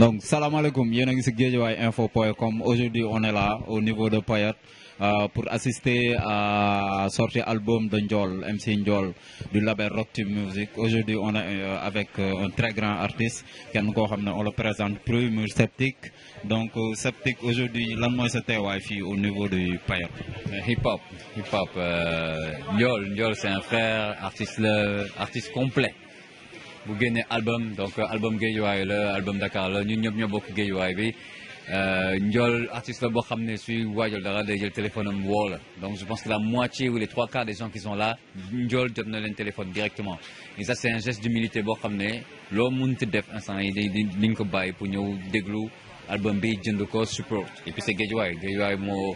Donc, salam alaikum, info.com. Aujourd'hui, on est là au niveau de Payat euh, pour assister à sortir album de MC Njol, du label Rock Music. Aujourd'hui, on est euh, avec euh, un très grand artiste, qui on le présente, plus sceptique. Donc, sceptique aujourd'hui, l'annonce c'était Wi-Fi au niveau de Payat. Hip-hop, hip-hop. Njol, Njol c'est un frère, artiste, artiste complet bu génnee album donc euh, album géejuwaay la album Dakar la ñun ñop ñoo bokk géejuwaay bi euh, Ndiol artiste la boo xam ne suy waajal dara day jël téléphone am woo donc je pense que la moitié ou les trois quarts des gens qui sont là ndjol jot na leen téléphone directement et ça c'est un geste d'humilité bo xamné lo loo mënti def instant yi day diñ ko bàyyi pour ñeu déglu album bi jënd ko support et puis c'est géejuwaay géejuwaay mo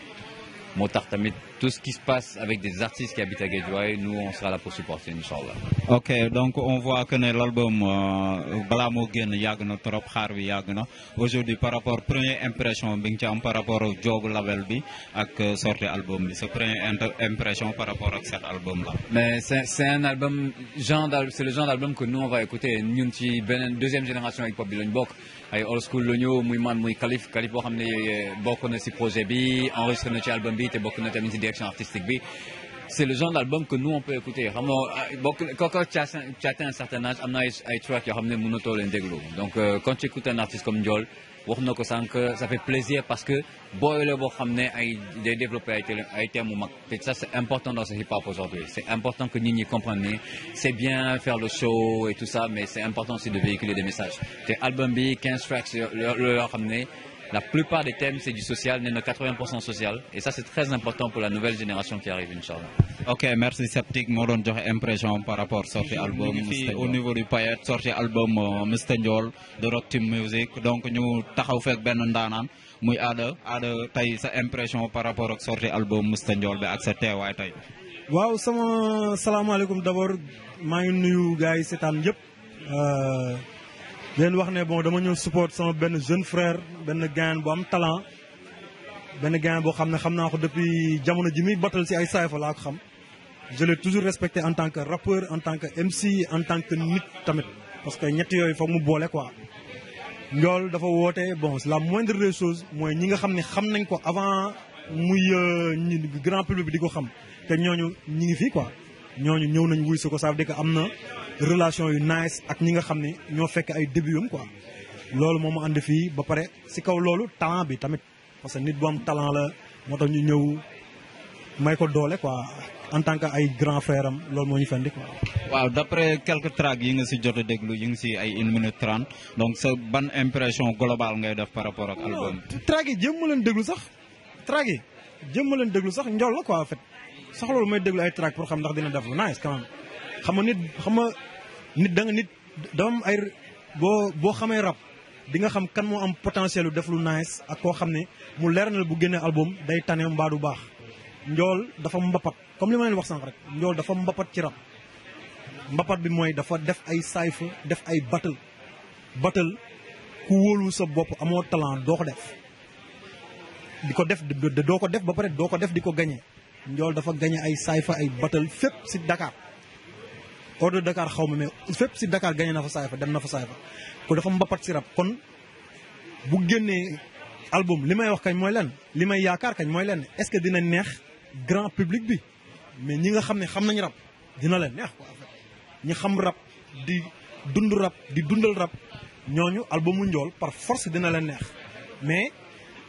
tamit tout ce qui se passe avec des artistes qui habitent à Guédiawaye nous on sera là pour supporter inchallah ok donc on voit que l'album euh, balaa Yagna, trop Harvi, Yagno, aujourd'hui par rapport à la première impression par rapport au jog label bi ak sortie album c'est la première impression par rapport à cet album là mais c'est un album c'est le genre d'album que nous on va écouter une deuxième génération avec hop bi lañu old school la Mouiman, muy man muy Kalif Kalif bok euh, na projet enregistré album direction artistique c'est le genre d'album que nous on peut écouter quand tu as atteint un certain âge tu as ay track yoo xam ne mënatoo donc euh, quand tu écoutes un artiste comme Ndiol ça fait plaisir parce que booy le été ay développé ay un moment. ça c'est important dans ce hip hop aujourd'hui c'est important que nous ñi c'est bien faire le show et tout ça mais c'est important aussi de véhiculer des messages tes album bi 15 tracks le xam la plupart des thèmes, c'est du social, 80% social. Et ça, c'est très important pour la nouvelle génération qui arrive, Inch'Allah. Ok, merci sceptique Moi, on une impression par rapport à sortir album. Au niveau du paillet, sorti album euh, Mr. de Rock Team Music. Donc, nous avons fait ben ndanan. Muy ada ada tay sa impression par rapport à sorti album Mr. Ndiol be ak sa tay. salam alaikum d'abord ma ngi nuyu c'est un yépp. Euh leen wax bon dama ñëw support sama benn jeune frère benn gain bu am talent benn gain bo xam xamna ko depuis jamono ji muy battal si ay saayfa laa ko xam je l'ai toujours respecté en tant que rappeur en tant que MC en tant que nit tamit parce que ñet yoy fa mu bolé quoi loolu dafa woté bon la moindre des choses moy ñi nga xam xam nañ ko avant muy euh, grand public bi diko xam Té ñoñu ñi ngi fi quoi Ñoñu ñëw nañ wuy si ko ça veut dire que amna relation yu nice ak ñi nga xam ñoo fekk ay début quoi loolu moom and ànd fii ba paré si kaw loolu talent bi tamit parce que nit bu am talent la moo tax ñu ñëw may ko doolé quoi en tant que ay grand frère am loolu mo ñu fendi quoi. waaw d'après quelques tracks yi nga ci jot déglu yi ngi ci ay 1 minute 30 donc sa ban impression globale ngay def par rapport ak album track yi jéem leen déglu sax track yi jéem leen déglu sax njool la quoi en fait sax loolu may déglu ay track pour xam ndax dina def nice quand même xam nit xam nit da nga nit dafa am ay bo bo xamé rap di nga xam kan mo am potentiel def lu nice ak ko xamné mu lernal bu album day tané mba du nyal da dafa mbapat comme li ma leen wax sank rek njool dafa mbapat ci rap mbapat bi mooy dafa def ay sayfa def ay battle battle ku wóolu sa bop amo talent do ko def di def do ko def ba pare do ko def di gagner gagné njool dafa gagner ay sayfa ay battle fep ci Dakar hors de Dakar xaw mais fep si Dakar gagné na fa saay dem na fa saay ko dafa mbapat si rab kon bu génnee album limay wax kañ moy lenn limay may yaakaar kañ mooy lenn est-ce que dina neex grand public bi mais ñi nga xamné ne xam nañ rab dina leen neex quoi ñi xam rap di dund rap di dundal rap ñoñu albumu njool par force dina leen neex mais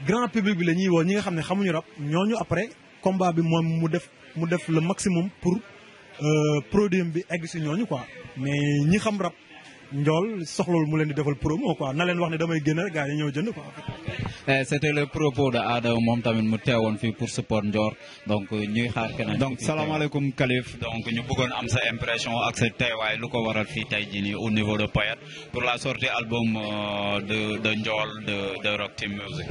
grand public bi lañuy wo ñi nga xamné xamuñu rap ñoñu après combat bi moom mu def mu def le maximum pour Euh, produit bi egg si ñooñu quoi mais ñi xam rab njool soxlawul mu leen di defal promo quoi na leen wax ne damay génn rek gars yi ñëw jënd quoi. Eh, c'était le propos de Adam moom tamit mu pour support Ndior donc nous xaar Donc, donc alaykoum Khalif. donc nous bëggoon am sa impression ak sa teewaay lu ko waral au niveau de Payette pour la sortie album euh, de de Ndior de de Rock Team Music.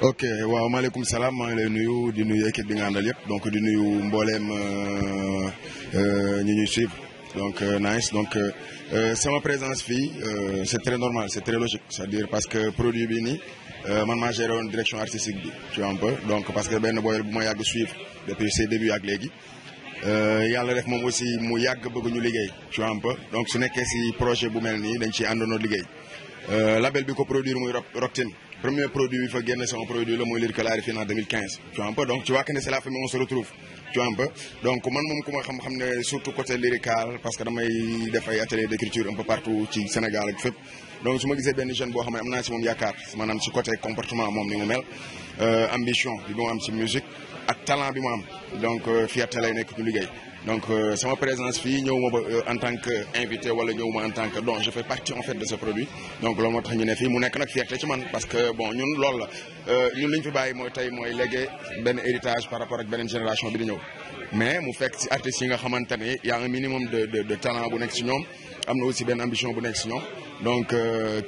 ok Wa alaykoum Salam. maa ngi du nuyu di nuyu équipe donc di nuyu mbooleem euh, euh, ñi ñuy suivre. Donc, euh, nice. Donc, euh, euh, c'est ma présence fille. Euh, c'est très normal, c'est très logique. C'est-à-dire parce que produit euh, moi, j'ai une direction artistique, tu vois un peu. Donc, parce que ben boy, moi, j'ai suivre depuis ses débuts avec Légui. Et euh, def moom aussi mu yag bëgg les tu vois un peu donc n'est que si projet bu mel nii dañ ci àndoonoo Le euh, label bi ko produire muy Rocktin premier produit faut gagner, c'est un produit qui mooy lire en 2015 tu vois un peu donc tu vois que c'est la famille on se retrouve tu vois un peu donc comment on va xam surtout côté lyrical parce que damay def des atelier d'écriture un peu partout au Sénégal donc suma ma ben jeune bo xamné amna ci mom yakar manam ci côté comportement mom ni mu mel euh, ambition bi mu am ci musique ak talent bi mo am donc euh, fierté lay nek ci liggéey donc euh, sama présence fi ñëwuma en tant que invité wala ñëwuma en tant que donc je fais partie en fait de ce produit donc loolu motax ñu né fi mu nek nak fierté ci man parce que bon ñun lool la ñun liñ fi bayyi moy tay moy légué ben héritage par rapport ak benen génération bi di ñëw mais mu fekk ci artiste yi nga xamante ne y a un minimum de de de talent bu nek ci ñom amna aussi ben ambition bu nek ci ñom donc,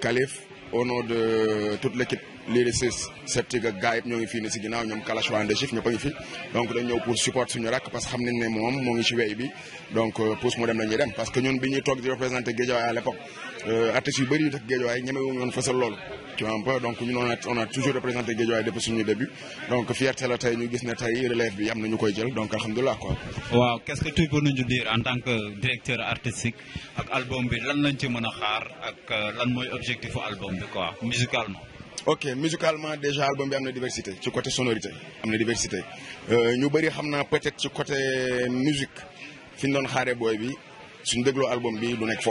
Calif, euh, au nom de toute l'équipe les ses septique gars yëpp ñoo ngi fii ne si ginnaaw ñoom Kalash waa Ndechif fi donc dañ ñëw pour support suñu rakk parce que xam nañ ne moom ngi wéy bi donc euh, pousse mu dem la dem parce que ñun bi ñuy toog di représenté Guédiawaye à l'époque euh, artistes yu bëri yu dëkk Guédiawaye ñemewuñu woon fësal loolu tu vois un peu donc ñun on a on a toujours représenté Guédiawaye depuis son début donc fierté la tey ñu gis ne tey relève bi am na koy jël donc alhamdulilah quoi. waaw qu'est-ce que tu peux nous dire en tant que directeur artistique ak album bi lan lañ ci mën a xaar ak euh, lan mooy objectifu album bi quoi musicalement ok musicalement déjà album a une diversité ci côté sonorité a une diversité Nous, euh, bëri peut-être ci côté musique Findon haré doon Boy, bi album bi est nekk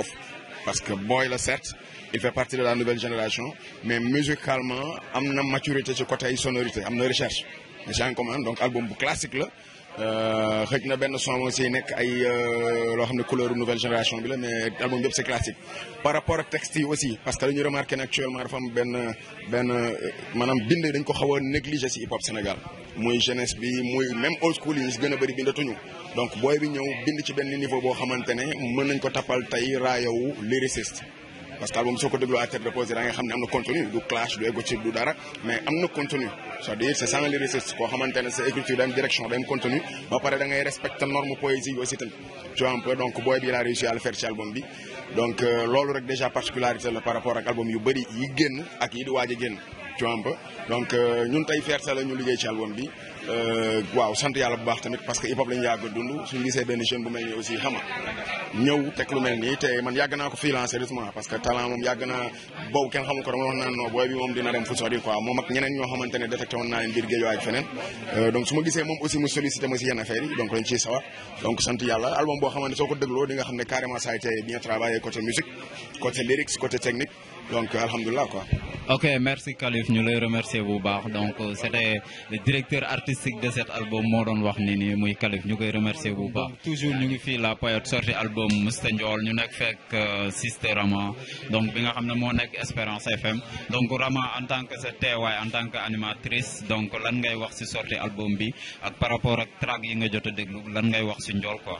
parce que Boy, la certes il fait partie de la nouvelle génération mais musicalement a une maturité ci côté sonorité a une recherche mais un commun, donc album classique là xëj euh, na benn son moo siy nekk ay euh, loo xam couleur nouvelle génération bi la mais album yëpp c'est classique par rapport au texte aussi parce que li ñu remarqué actuellement dafa am ben, benn euh, maanaam bind dañ ko xaw a négligé hip hop Sénégal muy jeunesse bi muy même old school yi gën a bëri bindatuñu donc booy bi ñëw bind ci benn niveau boo xamante ne mën nañ ko tappal tey le lyriciste parce que l'album SOKO ko déglu à tête reposée da nga xam amna contenu du clash du égotique du dara mais amna contenu c'est-à-dire c'est sans les koo xamante ne sa écriture dans direction dans contenu ba pare da ngay respecter norme poésie aussi tu vois un peu donc boy bi il a réussi à le faire ci album bi donc euh, lolu rek déjà particularité la par rapport à album yu bëri yi génn ak yi di waja a génn tu vois donc euh, ñun tey fierté la ñu liggéey ci album bi euh, waaw sant yàlla bu baax tamit parce que hip hop lañu yàgg a dund suñu gisee benn jeune bu mel nii aussi xama ñëw teg mel nii te man yàgg naa ko fii lan sérieusement parce que talent moom yàgg naa boobu kenn xamu ko dama wax naan bi moom dina dem fu sori quoi moom ak ñeneen ñoo xamante ne détecté naa leen biir géejoo ak feneen euh, donc su ma gisee moom aussi mu sollicité ma si yenn affaires yi donc sant a été bien travaillé Donc, Alhamdulillah, quoi. Ok, merci Khalif, nous le remercions beaucoup. Donc, euh, c'était le directeur artistique de cet album, Moron Wahnini, Mouy Khalif, nous le remercions beaucoup. Toujours, nous avons fait la période sortie l'album Mustanjol, nous avons fait euh, Sister Rama, donc, nous avons fait Espérance FM. Donc, Rama, en tant que c'était, en tant qu'animatrice, donc, l'an ngay wax ci sortie album bi, ak par rapport ak track yi nga jot a déglu, lan ngay wax ci Njol, quoi.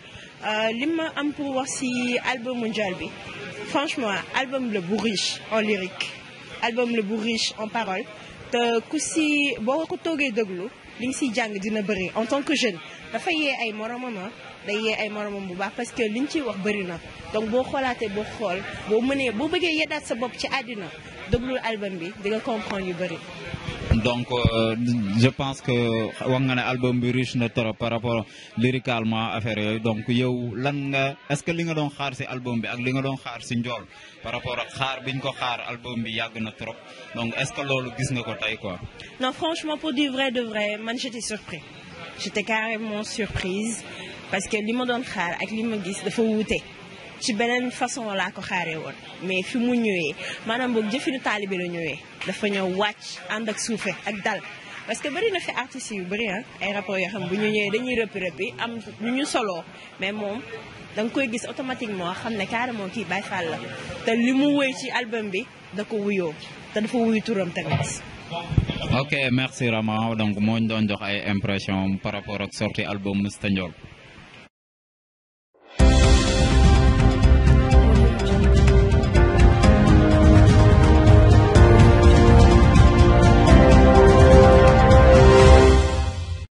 Euh, li ma am pour wax ci album mondial bi franchement album le bu riche en lyrique album le bu riche en parole te cousi ci boo ko toogee déglu li nga ciy jàng dina bëri en tant que jeune da fayé ay moromam da yé ay moromam bu ba parce que liñ ci wax bëri na donc bo xolaté bo xol bo mené bo bëggee yédat sa bop ci àddina deglu album bi di nga comprendre yu bëri donc euh, je pense que wax nga album bi riche na trop par rapport lyricalement affaire yoy donc yow lan nga est-ce que li nga don xaar ci album bi ak li nga don xaar ci ndjol par rapport ak xaar biñ ko xaar album bi yàgg na trop donc est-ce que lolu gis nga ko tay quoi. non franchement pour du vrai de vrai man j'étais surpris j'étais carrément surprise parce que li mo don xaar ak li mo gis dafa wouté ci beneen façon laa ko xaaree woon mais fi mu ñëwee maanaam boog jëfinu taalibe la ñëwee dafa ñëw wàcc ànd ak suufe ak dal parce que bëri na fi artistes yu bëri ah ay rapport yoo xam bu ñu ñëwee dañuy rëpp rëppi am lu ñu soloo mais moom da nga koy gis automatiquement xam ne carrément kii Baye Fall la te li mu woy ci album bi da ko wuyoo te dafa wuyu turam tamit. ok merci Rama donc moo ñu doon jox ay impression par rapport ak sortie album Mr Ndiol.